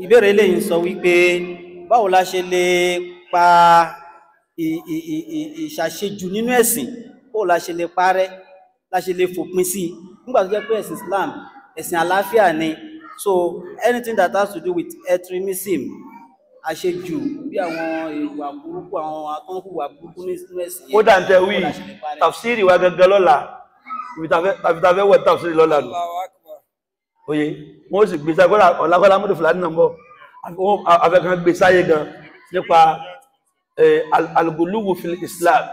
ìbéèrè eléyìí ń sọ wípé báwo la ṣe lè pa ìṣàṣejù nínú ẹ̀sìn báwo la ṣe lè parẹ́ la ṣe lè fòpin sí nígbà tó jẹ́ pé ẹ̀sìn Islam ẹ̀sìn àlàáfíà ni so anything that has to do with extremism àṣejù bí àwọn ìwà burúkú àwọn akọ́nkùwà burúkú nínú ẹ̀sìn yẹn. ó dà ń tẹ wí tafsiri wa gangan lọ́la tàbí tàbí wẹ̀ tafsiri lọ́la nù oye wọ́n sì gbé sáyé ọlákọ́lá mọ́dù fúlàní náà bọ̀ afẹ́kan gbé sáyé gan nípa aluguluwu fil islam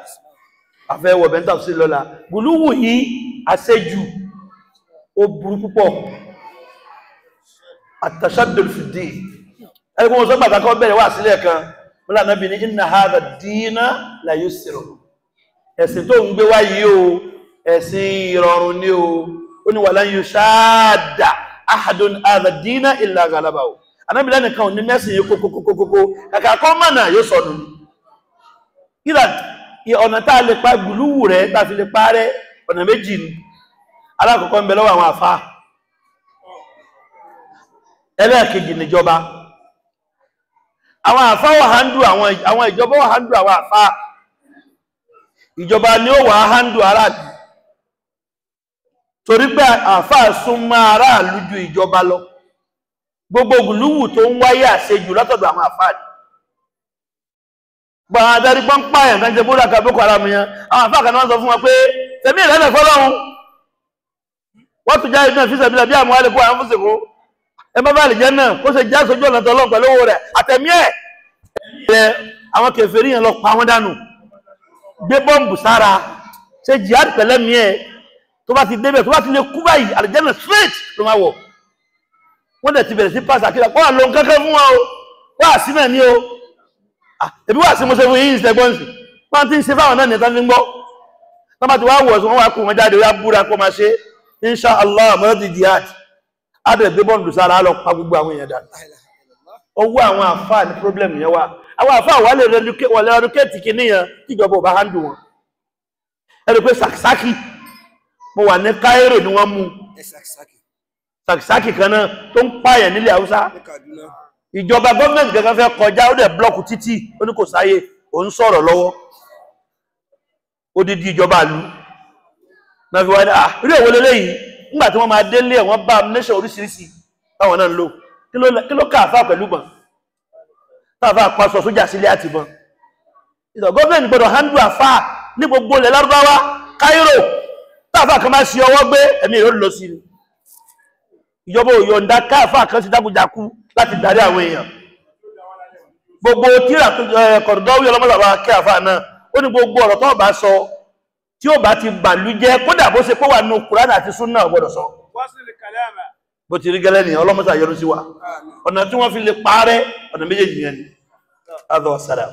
afẹ́ wọ̀bẹ̀ntà sí lọ́la guluwu yìí aṣẹ́jù ó burú púpọ̀ àtàṣàdùl fìdí ẹgbẹ́ wọn sọ pàtàkọ́ bẹ̀rẹ̀ wà sílẹ̀ kan wọ́n lànà bí ní inna hadha dina la yusiru ẹ̀sìn tó ń gbé wáyé o ẹ̀sìn ìrọ̀rùn ni o ó ní wà láyé ṣáàdà ahadun adàdínà ìlà galaba o anábìlá nìkan ò ní mẹ́sìn yìí kókókókókó kàkà kọ́ mọ̀nà yóò sọnù ìlà ọ̀nà tá a lè pa gbùlúwù rẹ̀ tá a fi lè pa rẹ̀ ọ̀nà méjì ni alákọ̀ọ́kọ́ ń bẹ lọ́wọ́ àwọn àfá ẹlẹ́ẹ̀kejì torí pé àfáà súnmọ́ aráàlú ju ìjọba lọ gbogbo gùlúwù tó ń wáyé àṣejù látọ̀dọ̀ àwọn àfáà gba adarí pọ́npá ẹ̀ kan jẹ bóra ka boko haram yẹn àwọn àfáà kan náà sọ fún wọn pé tẹ̀mí ìrẹ́lẹ̀ fọlọ́run wọ́n tún jáde náà fíṣẹ̀ bílẹ̀ bí àwọn alẹ́kọ̀ọ́ àwọn fúnṣẹ̀kọ́ ẹ má bá lè jẹ́ náà kó ṣe já sójú ọ̀nà tọ́lọ́ pẹ̀lú rẹ̀ àtẹ̀mí ẹ̀ ẹ̀ àwọn kèfèrí yẹn lọ pa wọn dànù gbé bọ́ǹbù sára ṣe jihad pẹ̀lẹ́mí ẹ̀ tó bá ti débẹ̀ tó bá ti lè kú báyìí àlùjẹ́nà straight ló máa wọ̀ wọ́n dẹ̀ ti bẹ̀rẹ̀ sí pàṣẹ àkíyà wọ́n àlọ́ kankan fún wọn o wọ́n àsí náà ní o ẹ̀bí wọ́n àsí mo ṣe fún yín ìṣẹ́gbọ́n sí wọ́n ti ń ṣe fáwọn náà ní ẹ̀tàn fi ń gbọ́ wọ́n bá ti wá wọ̀ ọ̀sùn wọ́n wá kó wọn jáde wọ́n á búra kó máa ṣe insha allah mọ́tì jihad adẹ̀ gbé bọ́ọ̀lù sára lọ pa gbogbo àwọn èèyàn dà ọwọ́ àwọn àfáà ní problem yẹn wá àwọn àfáà wà lè rẹ wọlé ọdún kéètì kìnìyàn tíjọba ò bá handle wọn ẹ̀rù pé sàkísàkì mo wà ní Cairo ni wọ́n mú sàkìsàkì kan náà tó ń pààyàn nílẹ̀ Haúsá ìjọba gọ́ọ̀mẹ̀ntì kankan fẹ́ kọjá ó dẹ̀ blọ́ọ̀kù títì ó ní kò sáyé ò ń sọ̀rọ̀ lọ́wọ́ odidi ìjọba ìlú náà fi wá ní àrí òwò lélẹ́yìí nígbà tí wọ́n máa délé ẹ̀ wọ́n bá amúnẹ́ṣẹ̀ oríṣiríṣi táwọn náà ń lò ìjọba gọ́ọ̀mẹ̀ntì ní gbogbo ilẹ̀ lárúbáwá Cairo táàfà kan máa ṣe ọwọ́ gbé ẹ̀mí ìró lọ sí ìjọba òyọ̀ǹda káàfà kan sí dákújákú láti darí àwọn èèyàn gbogbo tíra kọ̀dọ̀dọ́wí ọlọ́mọ́lọ́wà káàfà náà ó ní gbogbo ọ̀rọ̀ tó bá sọ tí ó bá ti bàlújẹ́ kódà bó ṣe pọ́wà nù kùránà àti súnà ọgbọ́dọ̀ sọ bó ti rí gẹ́lẹ́ nìyàn ọlọ́mọ́sà yọrù sí wa ọ̀nà tí wọ́n fi lè parẹ́ ọ̀nà méjèèjì yẹn ni adọ́ sára